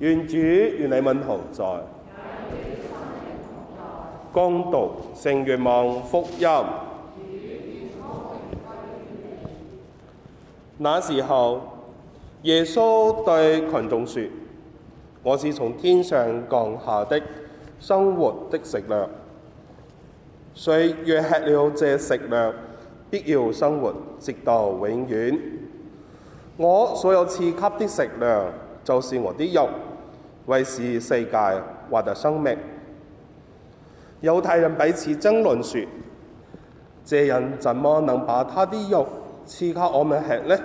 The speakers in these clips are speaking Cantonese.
願主願你永恆在。恭讀聖若望福音。那時候，耶穌對群眾說：我是從天上降下的生活的食糧，誰若吃了這食糧，必要生活直到永遠。我所有賜給的食糧就是我的肉。為是世界獲得生命，猶太人彼此爭論說：這人怎麼能把他的肉賜給我們吃呢？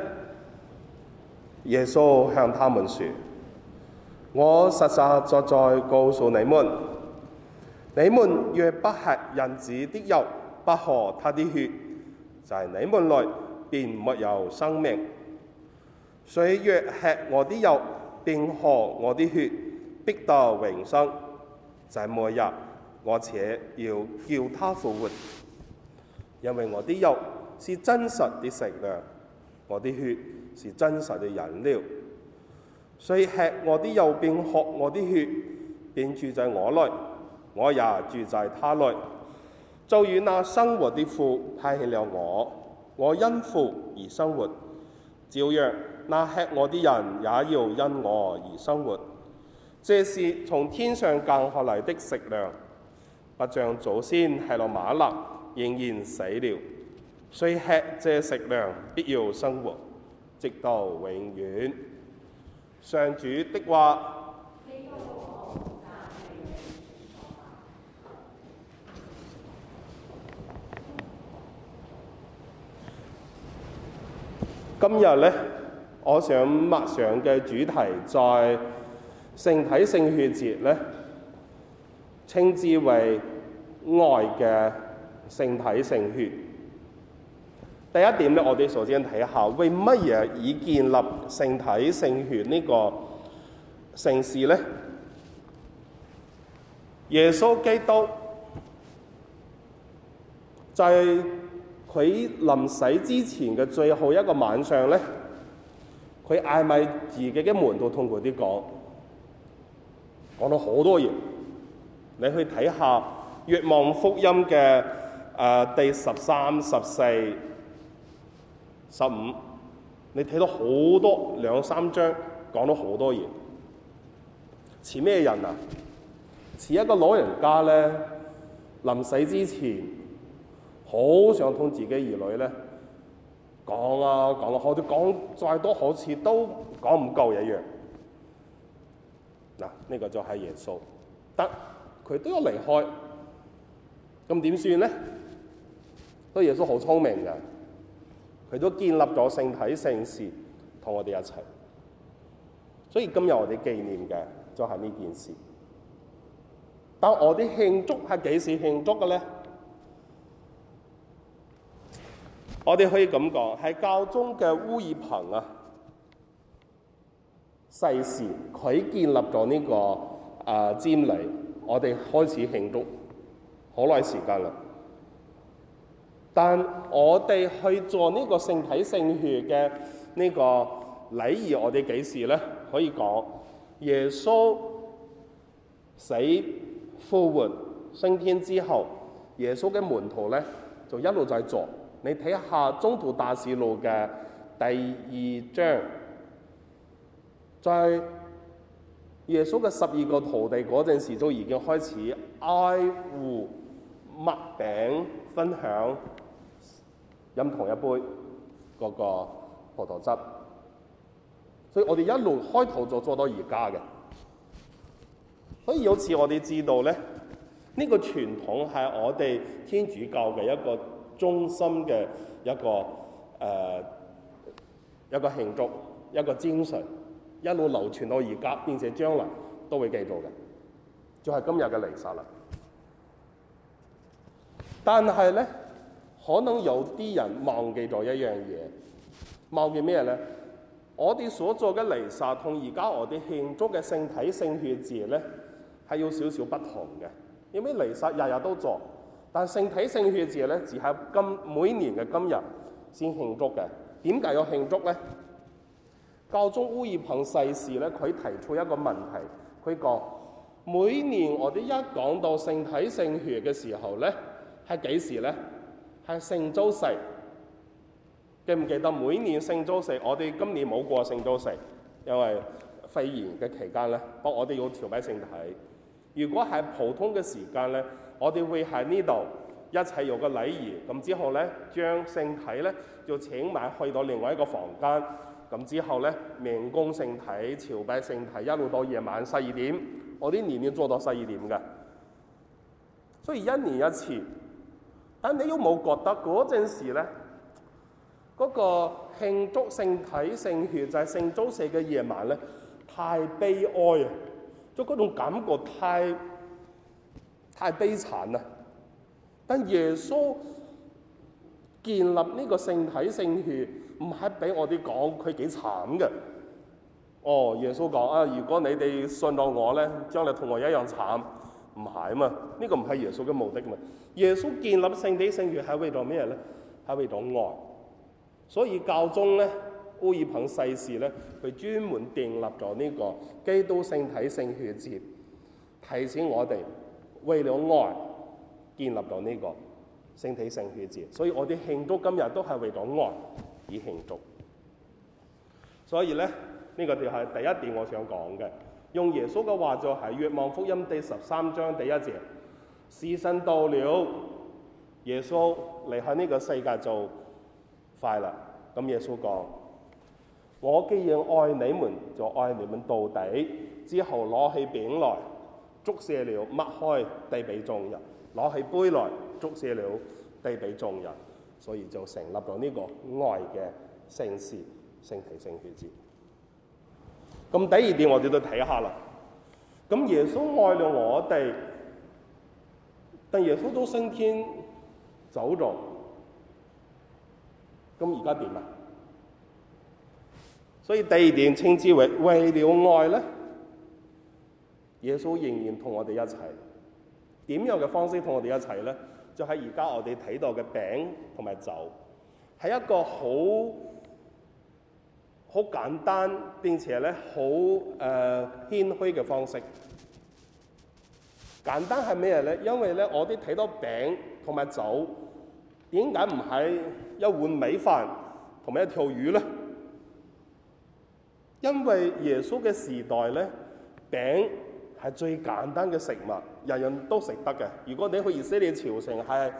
耶穌向他們說：我實實在在告訴你們，你們若不吃人子的肉，不喝他的血，就係、是、你們內便沒有生命。所以若吃我的肉，便喝我的血，必得永生，怎、就是、每日我且要叫他復活，因為我啲肉是真實嘅食糧，我啲血是真實嘅飲料，所以吃我啲肉便喝我啲血，便住在我內，我也住在他內。就如那生活的父派遣了我，我因父而生活，照樣那吃我啲人也要因我而生活。這是從天上降下來的食糧，不像祖先吃了瑪納，仍然死了，所以吃這食糧必要生活，直到永遠。上主的話，今日呢，我想默想嘅主題在。聖體聖血節咧，稱之為愛嘅聖體聖血。第一點咧，我哋首先睇下為乜嘢而建立聖體聖血這個城市呢個聖事咧？耶穌基督在佢臨死之前嘅最後一個晚上咧，佢嗌埋自己嘅門徒痛苦啲講。講到好多嘢，你去睇下《若望福音》嘅，誒第十三、十四、十五，你睇到好多兩三章，講到好多嘢，似咩人啊？似一個老人家咧，臨死之前，好想同自己兒女咧講啊講到好似講再多，好似都講唔夠一樣。嗱，呢個就係耶穌，但佢都要離開，咁點算咧？所以耶穌好聰明嘅，佢都建立咗聖體聖事同我哋一齊，所以今日我哋紀念嘅就係呢件事。但我哋慶祝係幾時慶祝嘅咧？我哋可以咁講，係教宗嘅烏爾朋啊！世時佢建立咗呢、這個啊瞻、呃、禮，我哋開始慶祝好耐時間啦。但我哋去做呢個聖體聖血嘅呢個禮儀，我哋幾時咧？可以講耶穌死復活升天之後，耶穌嘅門徒咧就一路在做。你睇下《宗徒大事錄》嘅第二章。在耶穌嘅十二個徒弟嗰陣時，都已經開始挨壺麥餅，分享飲同一杯嗰個葡萄汁，所以我哋一路開頭就做到而家嘅。所以有次我哋知道咧，呢個傳統係我哋天主教嘅一個中心嘅一個誒、呃、一個慶祝，一個精神。一路流傳到而家，變成將來都會記到嘅，就係今日嘅彌撒啦。但係咧，可能有啲人忘記咗一樣嘢，忘記咩咧？我哋所做嘅彌撒同而家我哋慶祝嘅聖體聖血節咧，係有少少不同嘅。因為彌撒日日都做，但聖體聖血節咧，只係今每年嘅今日先慶祝嘅。點解要慶祝咧？教宗烏爾朋四世時咧，佢提出一個問題，佢講：每年我哋一講到聖體聖血嘅時候咧，係幾時咧？係聖週四，記唔記得每年聖週四？我哋今年冇過聖週四，因為肺炎嘅期間咧，我我哋要調低聖體。如果係普通嘅時間咧，我哋會喺呢度一齊用個禮儀，咁之後咧將聖體咧就請埋去到另外一個房間。咁之後咧，明供聖體、朝拜聖體一路到夜晚十二點，我啲年年做到十二點嘅，所以一年一次。但你有冇覺得嗰陣時咧，嗰個慶祝聖體聖血就係聖週四嘅夜晚咧，太悲哀啊！就嗰種感覺太太悲慘啦。但耶穌建立呢個聖體聖血，唔係俾我哋講佢幾慘嘅。哦，耶穌講啊，如果你哋信到我咧，將來同我一樣慘，唔係啊嘛？呢個唔係耶穌嘅目的嘅嘛。耶穌建立聖體聖血係為咗咩咧？係為咗愛。所以教宗咧，烏爾彭四世咧，佢專門訂立咗呢個基督聖體聖血節，提醒我哋為了愛建立咗呢個。聖體聖血節，所以我哋慶祝今日都係為咗愛而慶祝。所以咧，呢、這個就係第一點我想講嘅。用耶穌嘅話就係、是《約望福音》第十三章第一節：時辰到了，耶穌離開呢個世界就快啦。咁耶穌講：我既然愛你們，就愛你們到底。之後攞起餅來，祝謝了，擘開，遞俾眾人，攞起杯來。足射了，遞俾眾人，所以就成立咗呢個愛嘅聖事、聖體、聖血節。咁第二點我哋都睇下啦。咁耶穌愛了我哋，但耶穌都升天走咗，咁而家點啊？所以第二點稱之為為了愛咧，耶穌仍然同我哋一齊。點樣嘅方式同我哋一齊咧？就係而家我哋睇到嘅餅同埋酒，係一個好好簡單並且咧好誒謙虛嘅方式。簡單係咩咧？因為咧我哋睇到餅同埋酒，點解唔係一碗米飯同埋一條魚咧？因為耶穌嘅時代咧，餅係最簡單嘅食物。人人都食得嘅。如果你去以色列朝城係、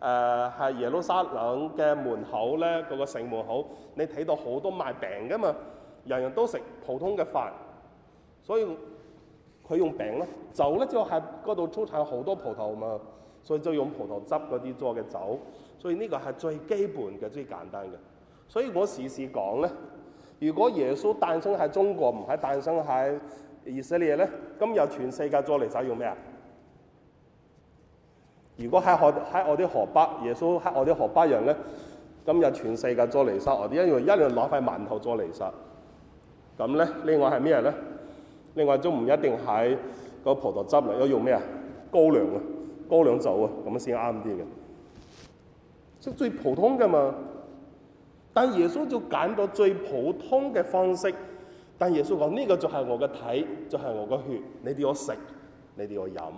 呃、係耶路撒冷嘅門口咧，嗰、嗰個城門口，你睇到好多賣餅㗎嘛。人人都食普通嘅飯，所以佢用餅咧，酒咧就係嗰度出產好多葡萄嘛，所以就用葡萄汁嗰啲做嘅酒。所以呢個係最基本嘅最簡單嘅。所以我時時講咧，如果耶穌誕生喺中國唔係誕生喺以色列咧，今日全世界做嚟使用咩啊？如果喺河喺我啲河北，耶穌喺我啲河北人咧，今日全世界做嚟殺，我哋，一樣一樣攞塊饅頭做嚟殺。咁咧，另外係咩咧？另外都唔一定喺個葡萄汁嚟，要用咩啊？高粱啊，高粱酒啊，咁先啱啲嘅。即最普通嘅嘛，但耶穌就揀到最普通嘅方式。但耶穌講呢個就係我嘅體，就係、是、我嘅血，你哋要食，你哋要飲。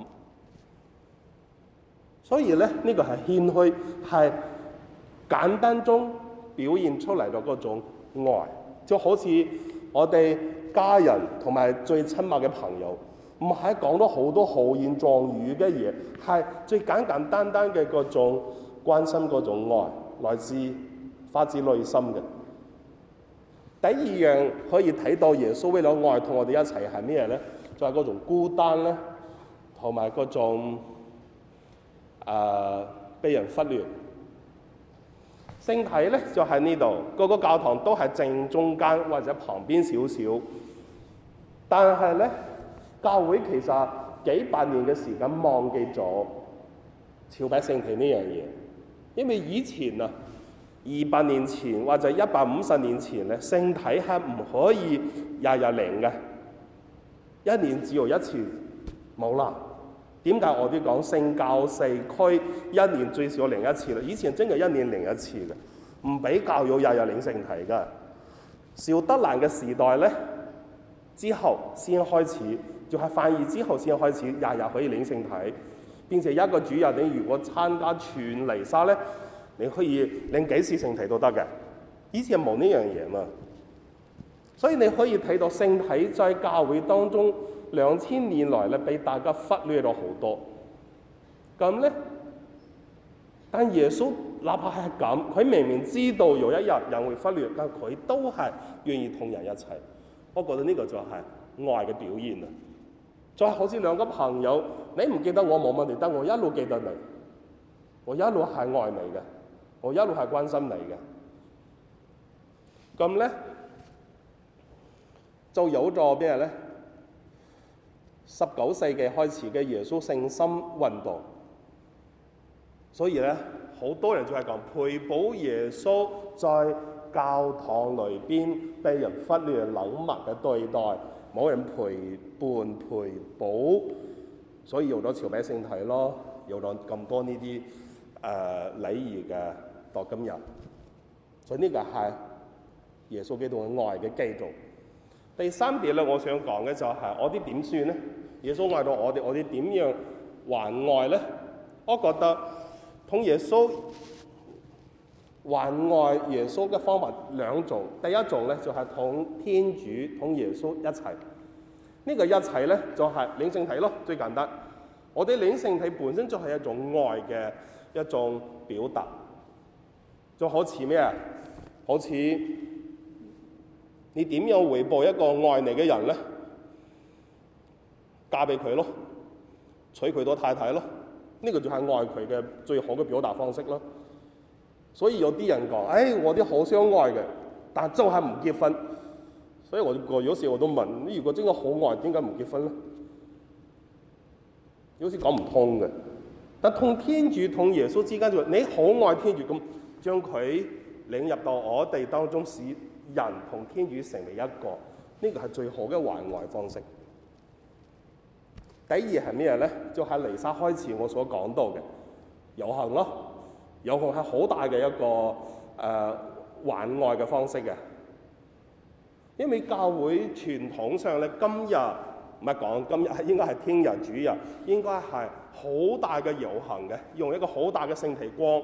所以咧，呢個係謙虛係簡單中表現出嚟嘅嗰種愛，就好似我哋家人同埋最親密嘅朋友，唔係講咗好多豪言壯語嘅嘢，係最簡簡單單嘅嗰種關心，嗰種愛，來自發自內心嘅。第二樣可以睇到耶穌為咗愛同我哋一齊係咩咧？就係嗰種孤單咧，同埋嗰種。誒、呃，被人忽略。聖體咧就喺呢度，個個教堂都係正中間或者旁邊少少。但係咧，教會其實幾百年嘅時間忘記咗朝拜聖體呢樣嘢，因為以前啊，二百年前或者一百五十年前咧，聖體係唔可以日日領嘅，一年只有一次，冇啦。點解我哋講聖教四規一年最少領一次啦？以前真係一年領一次嘅，唔俾教友日日領聖體嘅。小德蘭嘅時代咧，之後先開始，就係梵二之後先開始，日日可以領聖體。變成一個主日你如果參加全彌撒咧，你可以領幾次聖體都得嘅。以前係冇呢樣嘢嘛，所以你可以睇到聖體在教會當中。兩千年來咧，俾大家忽略咗好多。咁咧，但耶穌哪怕係咁，佢明明知道有一日人會忽略，但佢都係願意同人一齊。我覺得呢個就係愛嘅表現啦。就好似兩個朋友，你唔記得我冇問題，得我一路記得你，我一路係愛你嘅，我一路係關心你嘅。咁咧，就有咗咩咧？十九世紀開始嘅耶穌聖心運動，所以咧好多人就係講培補耶穌在教堂裏邊被人忽略、冷漠嘅對待，冇人陪伴培補，所以用咗朝拜聖體咯，用咗咁多呢啲誒禮儀嘅到今日。所以呢個係耶穌基督嘅愛嘅基督。第三點咧，我想講嘅就係我啲點算咧？耶穌愛到我哋，我哋點樣還愛咧？我覺得同耶穌還愛耶穌嘅方法兩種。第一種咧就係、是、同天主同耶穌一齊。呢、這個一齊咧就係、是、領聖體咯，最簡單。我哋領聖體本身就係一種愛嘅一種表達，就好似咩啊？好似你點樣回報一個愛你嘅人咧？嫁俾佢咯，娶佢做太太咯，呢、這個就係愛佢嘅最好嘅表達方式咯。所以有啲人講：，誒、哎，我哋好相愛嘅，但係就係唔結婚。所以我有時我都問：，你如果真係好愛，點解唔結婚咧？有時講唔通嘅。但同天主同耶穌之間就係、是、你好愛天主，咁將佢領入到我哋當中，使人同天主成為一個，呢、這個係最好嘅患愛方式。第二係咩咧？就喺彌撒開始，我所講到嘅遊行咯，遊行係好大嘅一個誒還愛嘅方式嘅，因為教會傳統上咧，今日唔係講今日，係應該係聽日主日，應該係好大嘅遊行嘅，用一個好大嘅聖體光，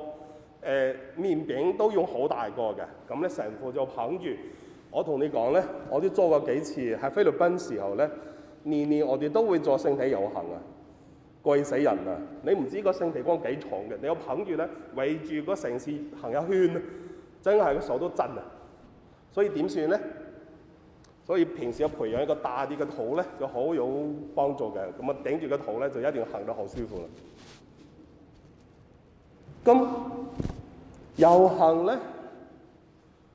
誒麵餅都用好大個嘅，咁咧神父就捧住。我同你講咧，我都做過幾次，喺菲律賓時候咧。年年我哋都會做聖體遊行啊，攰死人啊！你唔知個聖體光幾重嘅，你又捧住咧，圍住個城市行一圈，真係個手都震啊！所以點算咧？所以平時要培養一個大啲嘅肚咧，就好有幫助嘅。咁啊，頂住個肚咧，就一定行得好舒服啦。咁遊行咧，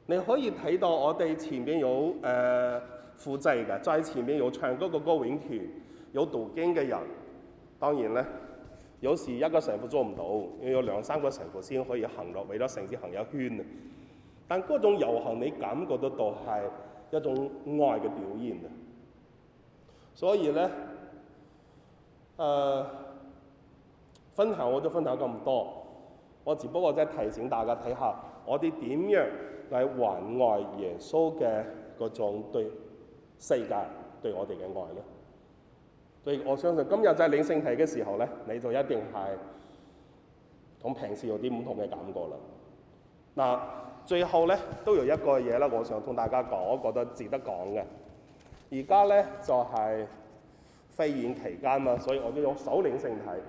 你可以睇到我哋前面有誒，呃附祭㗎，再前面有唱嗰個歌，的歌詠團，有讀經嘅人。當然咧，有時一個神父做唔到，要有兩三個神父先可以行落嚟咗城市行一圈啊。但嗰種遊行，你感覺得到係一種愛嘅表現啊。所以咧，誒、呃，分享我都分享咁多，我只不過即係提醒大家睇下，我哋點樣嚟還愛耶穌嘅嗰種對。世界對我哋嘅愛咧，所以我相信今日就係領聖體嘅時候咧，你就一定係同平時有啲唔同嘅感覺啦。嗱，最後咧都有一個嘢啦，我想同大家講，我覺得值得講嘅。而家咧就係肺炎期間嘛，所以我都用手領聖體。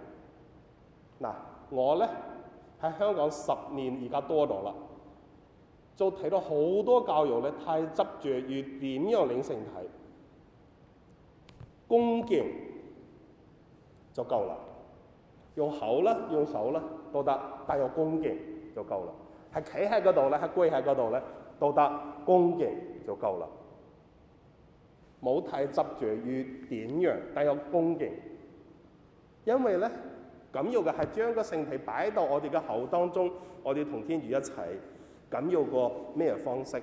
嗱，我咧喺香港十年而家多咗啦。就睇到好多教育咧，太執着於點樣領聖體，恭敬就夠啦。用口咧，用手咧，都得；但有恭敬就夠啦。係企喺嗰度咧，係跪喺嗰度咧，都得。恭敬就夠啦。冇太執着於點樣，但有恭敬。因為咧，緊要嘅係將個聖體擺到我哋嘅口當中，我哋同天主一齊。緊要過咩方式？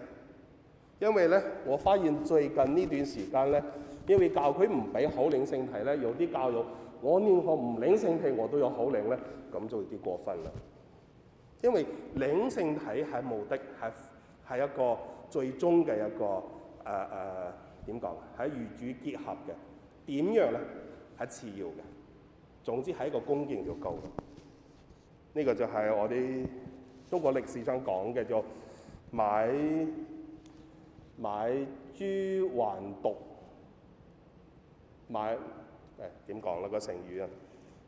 因為咧，我發現最近呢段時間咧，因為教佢唔俾好領聖體咧，有啲教育我念個唔領聖體我都有好領咧，咁就有啲過分啦。因為領聖體係目的，係一個最終嘅一個誒誒點講？喺、呃、與、呃、主結合嘅點樣咧，係次要嘅。總之係一個工具就夠。呢、這個就係我啲。中國歷史上講嘅就買買珠還櫝，買誒點講咧個成語啊，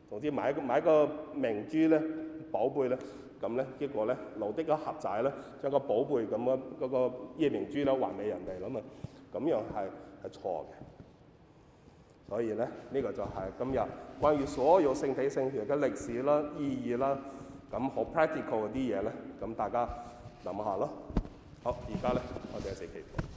總之買一個明珠咧寶貝咧，咁咧結果咧，盧的個盒仔咧，將個寶貝咁樣嗰個夜明珠咧還畀人哋咁啊，咁樣係係錯嘅。所以咧，呢、這個就係今日關於所有聖體聖血嘅歷史啦、意義啦。咁好 practical 嗰啲嘢咧，咁大家諗下咯。好，而家咧，我哋一齊祈禱。